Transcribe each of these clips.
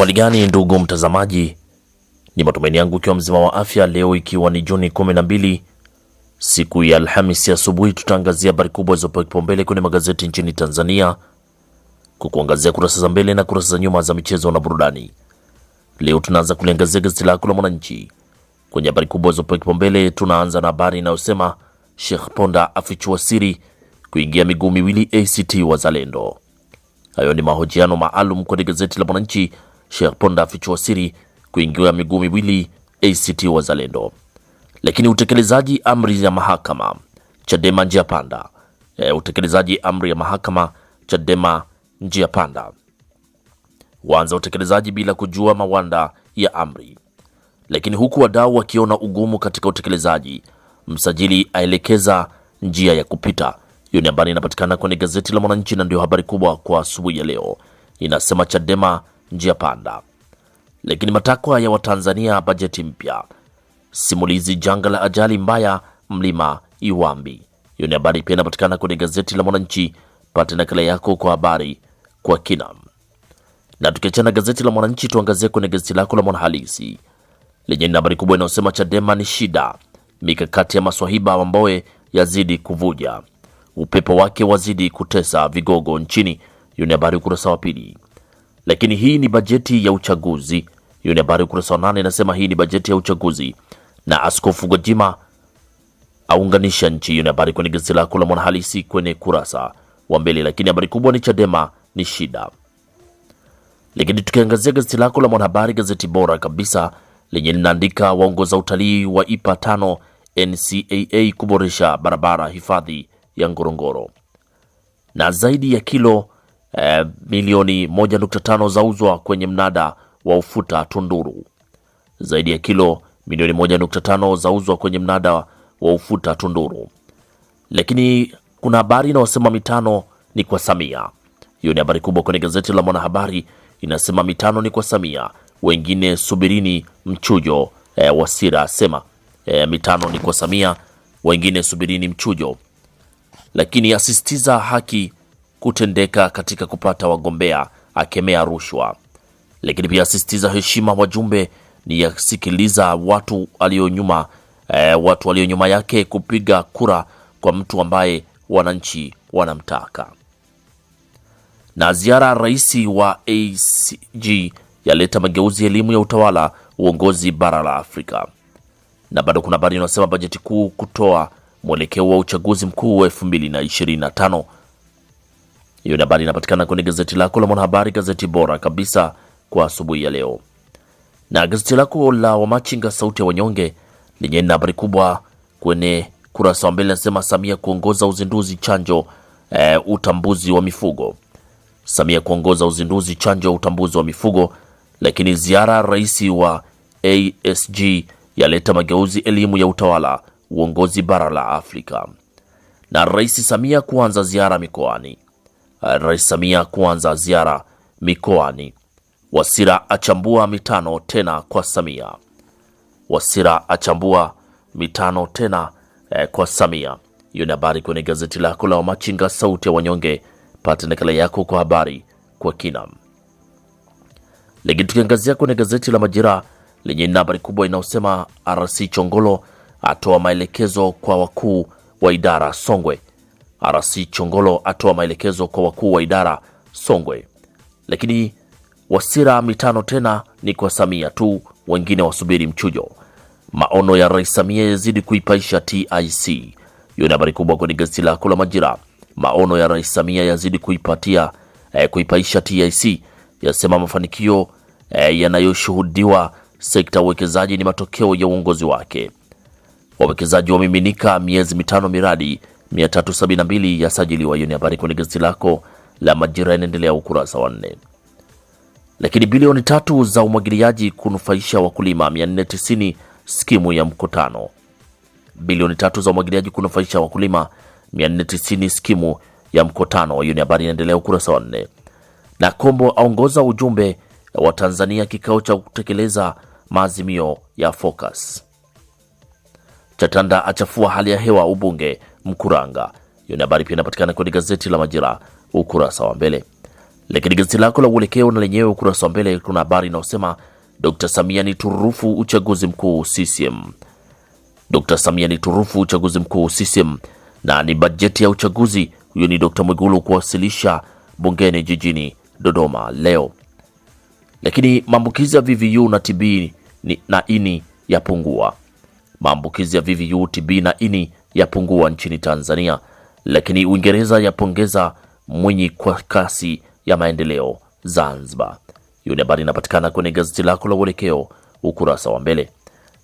Hawali gani ndugu mtazamaji, ni matumaini yangu ukiwa mzima wa afya. Leo ikiwa ni Juni 12 siku ya Alhamisi asubuhi, tutaangazia habari kubwa zilizopewa kipaumbele kwenye magazeti nchini Tanzania, kukuangazia kurasa za mbele na kurasa za nyuma za michezo na burudani. Leo tunaanza kuliangazia gazeti lako la Mwananchi. Kwenye habari kubwa zilizopewa kipaumbele, tunaanza na habari inayosema Sheikh Ponda afichua siri kuingia miguu miwili ACT Wazalendo. Hayo ni mahojiano maalum kwenye gazeti la Mwananchi Sheikh Ponda afichua siri kuingiwa miguu miwili ACT Wazalendo. Lakini utekelezaji amri ya mahakama Chadema njia panda. E, utekelezaji amri ya mahakama Chadema njia panda. Waanza utekelezaji bila kujua mawanda ya amri. Lakini huku wadau wakiona ugumu katika utekelezaji, msajili aelekeza njia ya kupita. Hiyo ni habari inapatikana kwenye gazeti la Mwananchi na ndio habari kubwa kwa asubuhi ya leo. Inasema Chadema njia panda. Lakini matakwa ya Watanzania, bajeti mpya, simulizi janga la ajali mbaya mlima Iwambi. Hiyo ni habari pia inapatikana kwenye gazeti la Mwananchi. Pate nakala yako kwa habari kwa kina. Na tukiachana gazeti la Mwananchi, tuangazie kwenye gazeti lako la Mwanahalisi lenye ni habari kubwa inayosema Chadema ni shida, mikakati ya maswahiba wa Mbowe yazidi kuvuja, upepo wake wazidi kutesa vigogo nchini. Hiyo ni habari ukurasa wa pili lakini hii ni bajeti ya uchaguzi. Hiyo ni habari ukurasa wa nane inasema hii ni bajeti ya uchaguzi na Askofu Gwajima aunganisha nchi. Hiyo ni habari kwenye gazeti lako la Mwanahalisi kwenye kurasa wa mbele, lakini habari kubwa ni Chadema ni shida. Lakini tukiangazia gazeti lako la Mwanahabari, gazeti bora kabisa lenye linaandika waongoza utalii wa ipa tano NCAA kuboresha barabara hifadhi ya Ngorongoro na zaidi ya kilo e, milioni 1.5 zauzwa kwenye mnada wa ufuta Tunduru. Zaidi ya kilo milioni 1.5 zauzwa kwenye mnada wa ufuta Tunduru, lakini kuna habari inayosema mitano ni kwa Samia. Hiyo ni habari kubwa kwenye gazeti la Mwanahabari, inasema mitano ni kwa Samia, wengine subirini mchujo. E, Wasira asema e, mitano ni kwa Samia, wengine subirini mchujo, lakini asisitiza haki kutendeka katika kupata wagombea, akemea rushwa, lakini pia asisitiza heshima wajumbe ni yasikiliza watu walio nyuma e, watu walio nyuma yake kupiga kura kwa mtu ambaye wananchi wanamtaka. Na ziara rais wa ACG yaleta mageuzi elimu ya utawala uongozi bara la Afrika. Na bado kuna habari inasema bajeti kuu kutoa mwelekeo wa uchaguzi mkuu wa 2025 hiyo ni habari inapatikana kwenye gazeti lako la Mwanahabari, gazeti bora kabisa kwa asubuhi ya leo. Na gazeti lako la Wamachinga, sauti ya wanyonge, lenye na habari kubwa kwenye kurasa wa mbele nasema Samia kuongoza uzinduzi chanjo e, utambuzi wa mifugo. Samia kuongoza uzinduzi chanjo utambuzi wa mifugo. Lakini ziara rais wa ASG yaleta mageuzi elimu ya utawala uongozi bara la Afrika. Na Rais Samia kuanza ziara mikoani. Eh, Rais Samia kuanza ziara mikoani. Wasira achambua mitano tena kwa Samia. Wasira achambua mitano tena eh, kwa Samia. Hiyo ni habari kwenye gazeti lako la Wamachinga, sauti ya wanyonge. Pata nakala yako kwa habari kwa kina. Lakini tukiangazia kwenye gazeti la Majira lenye habari kubwa inayosema RC Chongolo atoa maelekezo kwa wakuu wa idara Songwe. RC Chongolo atoa maelekezo kwa wakuu wa idara Songwe. Lakini Wasira mitano tena ni kwa Samia tu, wengine wasubiri mchujo. Maono ya Rais Samia yazidi kuipaisha TIC. Hiyo ni habari kubwa kwenye gazeti lako la Majira. Maono ya Rais Samia yazidi kuipatia eh, kuipaisha TIC, yasema mafanikio eh, yanayoshuhudiwa sekta uwekezaji ni matokeo ya uongozi wake. Wawekezaji wamiminika miezi mitano miradi 372 yasajiliwa. Hiyo ni habari kwenye gazeti lako la Majira, inaendelea ukurasa wa nne. Lakini bilioni tatu za umwagiliaji kunufaisha wakulima 490 skimu ya mkutano. Bilioni tatu za umwagiliaji kunufaisha wakulima 490 skimu ya mkutano. Hiyo ni habari inaendelea ukurasa wa nne. Na Kombo aongoza ujumbe wa Tanzania kikao cha kutekeleza maazimio ya Focus. Chatanda achafua hali ya hewa ubunge Mkuranga. Hiyo ni habari pia inapatikana kwenye gazeti la Majira ukurasa wa mbele. Lakini gazeti lako la Uelekeo na lenyewe ukurasa wa mbele kuna habari inayosema Dr. Samia ni turufu uchaguzi mkuu CCM. Dr. Samia ni turufu uchaguzi mkuu CCM na ni bajeti ya uchaguzi. Huyo ni Dr. Mwigulu kuwasilisha bungeni jijini Dodoma leo. Lakini maambukizi ya VVU na TB na ini yapungua maambukizi ya VVU, TB na ini yapungua nchini Tanzania, lakini Uingereza yapongeza Mwinyi kwa kasi ya maendeleo Zanzibar. Hiyo ni habari inapatikana kwenye gazeti lako la Uelekeo ukurasa wa mbele.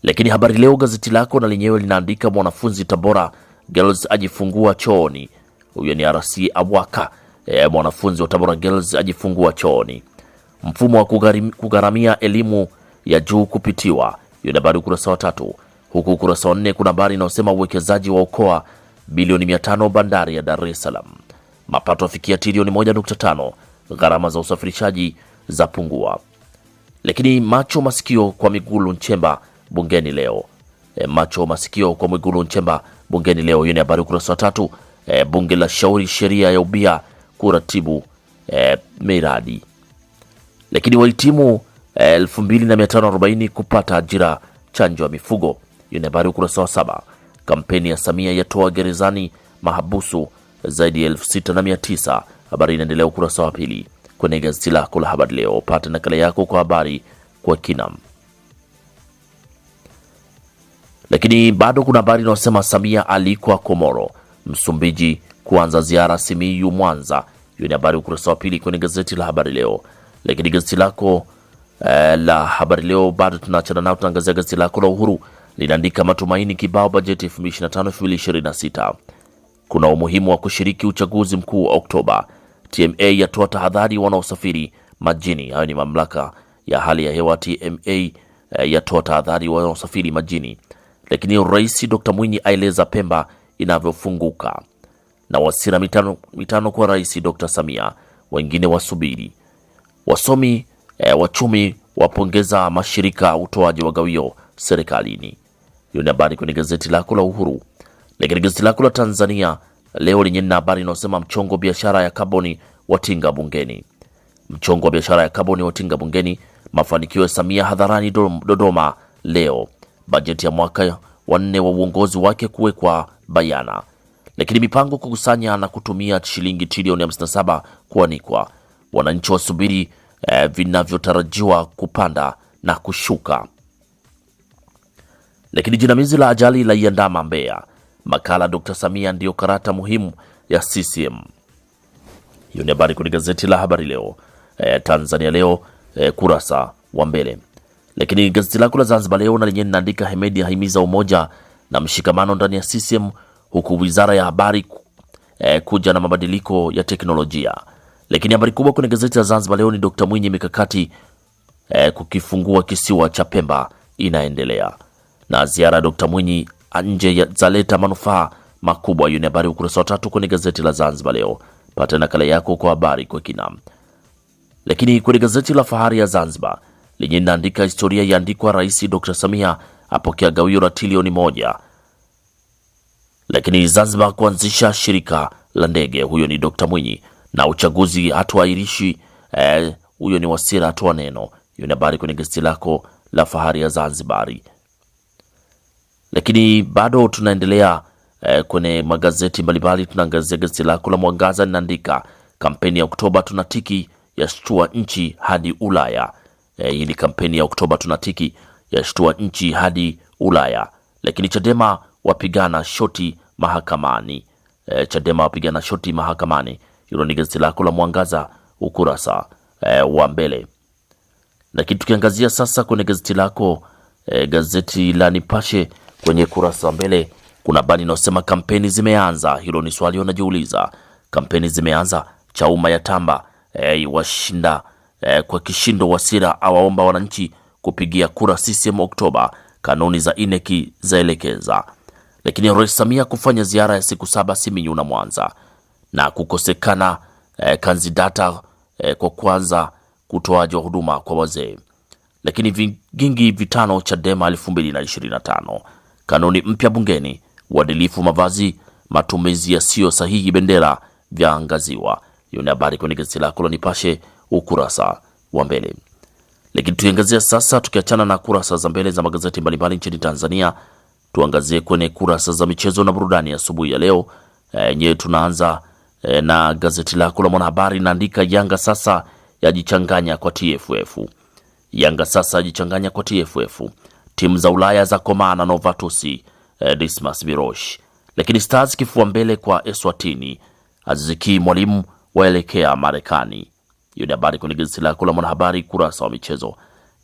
Lakini Habari Leo gazeti lako na lenyewe linaandika mwanafunzi Tabora Girls ajifungua chooni. Huyo ni RC Abwaka. E, mwanafunzi wa Tabora Girls ajifungua chooni. Mfumo wa kugharamia elimu ya juu kupitiwa. Hiyo ni habari ukurasa wa tatu huku ukurasa wa nne kuna habari inayosema uwekezaji wa ukoa bilioni 500 bandari ya Dar es Salaam, mapato afikia trilioni 1.5, gharama za usafirishaji za pungua. Lakini macho masikio kwa Mwigulu Nchemba bungeni leo. E, macho masikio kwa Mwigulu Nchemba bungeni leo. Hiyo ni habari ukurasa wa tatu. E, bunge la shauri sheria ya ubia kuratibu e, miradi. Lakini wahitimu 2540 e, kupata ajira chanjo ya mifugo hiyo ni habari ukurasa wa saba. Kampeni ya Samia yatoa gerezani mahabusu zaidi ya elfu sita na mia tisa. Habari inaendelea ukurasa wa pili kwenye gazeti lako la habari leo. Pata nakala yako kwa habari kwa kinam. Lakini bado kuna habari inayosema Samia alikwa Komoro, Msumbiji kuanza ziara Simiyu Mwanza. Hiyo ni habari ukurasa wa pili kwenye gazeti la habari leo. Lakini gazeti lako eh, la habari leo bado tunaachana nao, tunaangazia gazeti lako la Uhuru linaandika matumaini kibao bajeti 2025/2026. Kuna umuhimu wa kushiriki uchaguzi mkuu wa Oktoba. TMA yatoa tahadhari wanaosafiri majini. Hayo ni mamlaka ya hali ya hewa TMA eh, yatoa tahadhari wanaosafiri majini. Lakini Rais Dr. Mwinyi aeleza Pemba inavyofunguka na wasira mitano, mitano kwa Rais Dr. Samia, wengine wasubiri. Wasomi e, wachumi wapongeza mashirika utoaji wa gawio serikalini. Hiyo ni habari kwenye gazeti lako la Uhuru. Lakini gazeti lako la Tanzania leo lenye na habari inayosema mchongo biashara ya kaboni watinga bungeni, mchongo wa biashara ya kaboni watinga bungeni, mafanikio ya Samia hadharani Dodoma leo, bajeti ya mwaka wa nne wa uongozi wake kuwekwa bayana, lakini mipango kukusanya na kutumia shilingi trilioni 57 kuanikwa, wananchi wasubiri eh, vinavyotarajiwa kupanda na kushuka lakini jinamizi la ajali la iandama Mbeya. Makala Dr. Samia ndiyo karata muhimu ya CCM. Hiyo ni habari kwenye gazeti la habari leo e, Tanzania leo e, kurasa wa mbele. Lakini gazeti lako la Zanzibar leo na lenye linaandika Hemedi ahimiza umoja na mshikamano ndani ya CCM, huku wizara ya habari e, kuja na mabadiliko ya teknolojia. Lakini habari kubwa kwenye gazeti la Zanzibar leo ni Dr. Mwinyi mikakati e, kukifungua kisiwa cha Pemba inaendelea na ziara ya Dr. Mwinyi nje zaleta manufaa makubwa. Hiyo ni habari ukurasa wa tatu kwenye gazeti la Zanzibar Leo, pata nakala yako kwa habari kwa kina. Lakini kwenye gazeti la Fahari ya Zanzibar lenye linaandika historia yaandikwa, Rais Dr. Samia apokea gawio la trilioni moja. Lakini Zanzibar kuanzisha shirika la ndege, huyo ni Dr. Mwinyi, na uchaguzi hatuairishi eh, huyo ni Wasira atoa neno. Hiyo ni habari kwenye gazeti lako la Fahari ya Zanzibari. Lakini bado tunaendelea eh, kwenye magazeti mbalimbali. Tunaangazia gazeti lako la Mwangaza linaandika kampeni ya Oktoba tunatiki shtua nchi hadi Ulaya. Eh, hii ni kampeni ya Oktoba tunatiki shtua nchi hadi Ulaya. Lakini Chadema wapigana shoti mahakamani. Eh, Chadema wapigana shoti mahakamani. Hilo ni gazeti lako la Mwangaza ukurasa eh, wa mbele. Lakini tukiangazia sasa kwenye gazeti lako eh, gazeti la Nipashe Kwenye kurasa wa mbele kuna habari inayosema kampeni zimeanza. Hilo ni swali wanajiuliza, kampeni zimeanza. Chauma ya tamba e, washinda e, kwa kishindo. Wasira awaomba wananchi kupigia kura CCM Oktoba, kanuni za ineki zaelekeza. Lakini Rais Samia kufanya ziara ya siku saba Simiyu na Mwanza na kukosekana e, kanzidata e, kwa kwanza kutoaji wa huduma kwa wazee. Lakini vingingi vitano Chadema 2025 kanuni mpya bungeni, uadilifu mavazi, matumizi yasiyo sahihi bendera vyaangaziwa. Hiyo ni habari kwenye gazeti lako la Nipashe ukurasa wa mbele. Lakini tuiangazia sasa, tukiachana na kurasa za mbele za magazeti mbalimbali nchini Tanzania, tuangazie kwenye kurasa za michezo na burudani asubuhi ya, ya leo eh, yenyewe. Tunaanza e, na gazeti lako la Mwanahabari inaandika Yanga sasa yajichanganya kwa TFF. Yanga sasa yajichanganya kwa TFF timu za Ulaya za komana na Novatusi eh, Dismas Birosh, lakini Stars kifua mbele kwa Eswatini. Aziziki mwalimu waelekea Marekani. Hiyo ni habari kwenye gazeti lako la Mwanahabari kurasa wa michezo,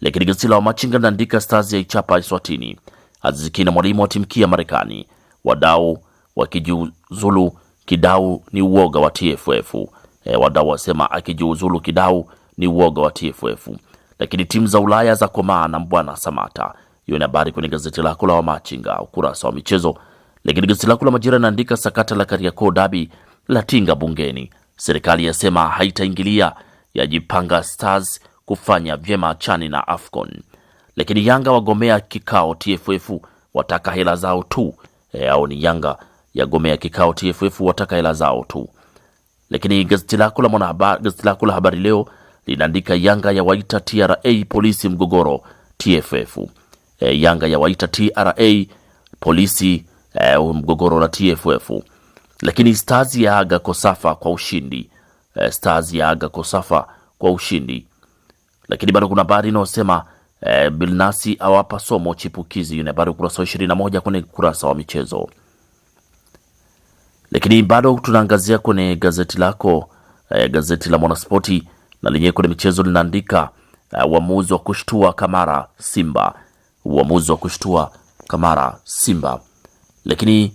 lakini gazeti la Wamachinga linaandika Stars ya ichapa Eswatini, Aziziki na mwalimu watimkia Marekani, wadau wakijiuzulu kidau ni uoga wa TFF. E, eh, wadau wasema akijiuzulu kidau ni uoga wa TFF, lakini timu za Ulaya za komaa na Mbwana Samata. Hiyo ni habari kwenye gazeti lako la Wamachinga ukurasa wa michezo. Lakini gazeti lako la Majira inaandika sakata la Kariakoo dabi la tinga bungeni, serikali yasema haitaingilia, yajipanga Stars kufanya vyema chani na Afcon. Lakini Yanga wagomea kikao TFF, wataka hela zao tu e, au ni Yanga yagomea kikao TFF, wataka hela zao tu. Lakini gazeti lako la Mwanahabari, gazeti lako la Habari Leo linaandika Yanga yawaita TRA polisi mgogoro TFF e, Yanga yawaita TRA polisi e, mgogoro na TFF. Lakini Stars yaaga Kosafa kwa ushindi e, Stars yaaga Kosafa kwa ushindi. Lakini bado kuna habari inayosema e, Bilnasi awapa somo chipukizi. Ni habari ukurasa wa moja kwenye kurasa wa michezo. Lakini bado tunaangazia kwenye gazeti lako e, gazeti la Mwanaspoti na lenyewe kwenye michezo linaandika uamuzi uh, wa kushtua Kamara Simba uamuzi wa kushtua Kamara Simba, lakini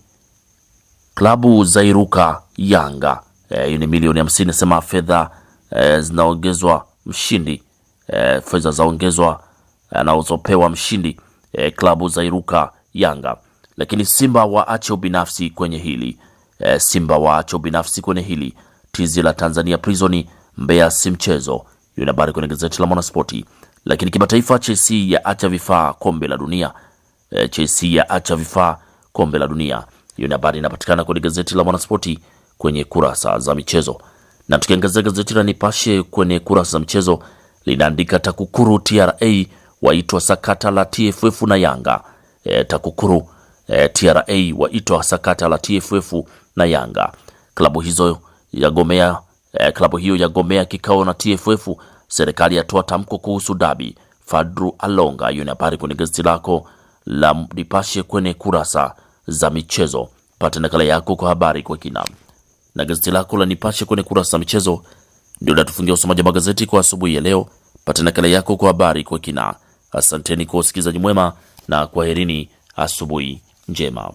klabu zairuka Yanga. Eh, hiyo e, ni milioni hamsini nasema fedha e, zinaongezwa mshindi e, fedha zaongezwa anazopewa mshindi e, klabu zairuka Yanga, lakini Simba waache ubinafsi kwenye hili e, Simba waache ubinafsi kwenye hili. Tizi la Tanzania Prison, Mbeya si mchezo. Hiyo ni habari kwenye gazeti la Mwanaspoti. Lakini kimataifa, Chelsea ya acha vifaa kombe la dunia. E, Chelsea ya acha vifaa kombe la dunia. Hiyo ni habari inapatikana kwenye gazeti la Mwanaspoti kwenye kurasa za michezo. Na tukiangazia gazeti la Nipashe kwenye kurasa za michezo linaandika TAKUKURU TRA waitwa sakata la TFF na Yanga. E, TAKUKURU e, eh, TRA waitwa sakata la TFF na Yanga. Klabu hizo gomea e, klabu hiyo gomea kikao na TFF Serikali yatoa tamko kuhusu Dabi. Fadru Alonga hiyo ni habari kwenye gazeti lako la Nipashe kwenye kurasa za michezo. Pata nakala yako kwa habari kwa kina na gazeti lako la Nipashe kwenye kurasa za michezo. Ndio natufungia usomaji wa magazeti kwa asubuhi ya leo. Pata nakala yako kwa habari kwa kina. Asanteni kwa usikilizaji mwema na kwaherini, asubuhi njema.